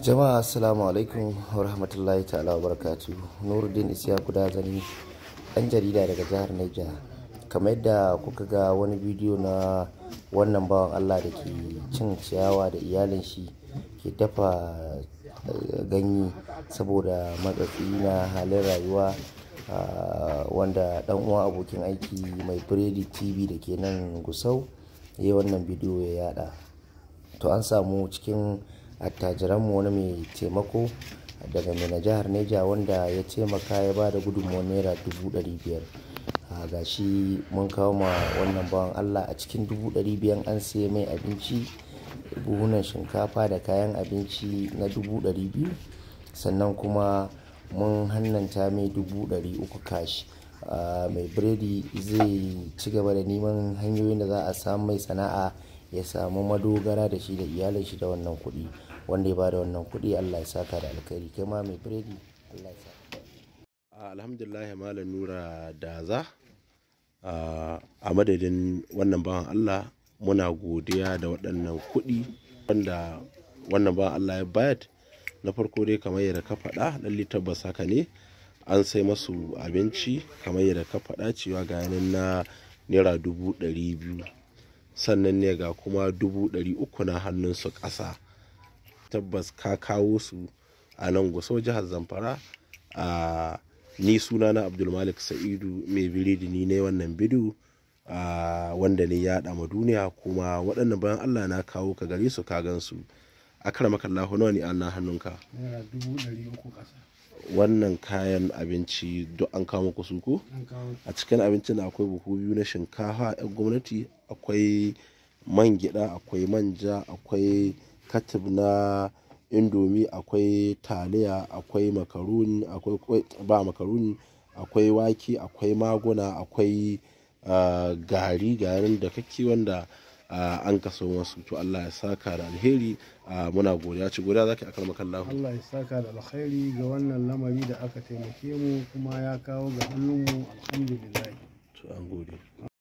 jama'a assalamu alaikum wa rahmatullahi ta'ala wa barakatu nuruddin isya guda zani Dan jarida daga jihar niger kamar yadda kuka ga wani bidiyo na wannan bawan allah da ke cin ciyawa da iyalin shi ke dafa eh, ganye saboda matsatsi na halin rayuwa ah, wanda dan uwa abokin aiki mai biredi tv da ke nan gusau ya yi wannan bidiyo ya yada to an samu cikin attajiranmu wani mai taimako daga mai jihar neja wanda ya taimaka ya ba da gudunmuwar naira dubu ɗari biyar ga shi mun kawo ma wannan bawan allah a cikin dubu ɗari biyan an saye mai abinci buhunan shinkafa da kayan abinci na dubu ɗari biyu sannan kuma mun hannanta mai dubu ɗari uku kashi mai biredi zai ci gaba da neman hanyoyin da za a samu mai sana'a ya samu madogara da shi da iyalin shi da wannan kuɗi wanda ya ba da wannan kuɗi Allah ya saka da alkhairi kai ma mai biredi Allah ya saka ah, alhamdulillah malam nura da za ah, a madadin wannan bawan Allah muna godiya da waɗannan kuɗi wanda wannan bawan Allah ya bayar na farko dai kamar yadda ka faɗa lalle tabbas haka ne an sai masu abinci kamar yadda ka faɗa cewa ga na naira dubu ɗari biyu sannan ne ga kuma dubu ɗari uku na su ƙasa tabbas ka kawo su a nan gusau jihar zamfara a ni suna na abdulmalik sa'idu mai biridi ni ne wannan bidiyo wanda ne ya ma duniya kuma waɗannan bayan allah na kawo ka gare su ka gansu. su akar makallahu ne an na hannunka wannan kayan abinci duk an kawo muku su ko a cikin abincin akwai buhu biyu na shinkafa yan gwamnati akwai man gida akwai manja akwai katib na indomi akwai taliya akwai makaruni akwai ba makaruni akwai wake akwai maguna akwai ah, gari garin da kake wanda Ah, an kaso masu to Allah ya saka da alheri ah, muna godiya ci godiya zaki akal makallahu Allah ya saka da alheri ga wannan lamari da aka taimake mu kuma ya kawo ga hannun mu alhamdulillah to an gode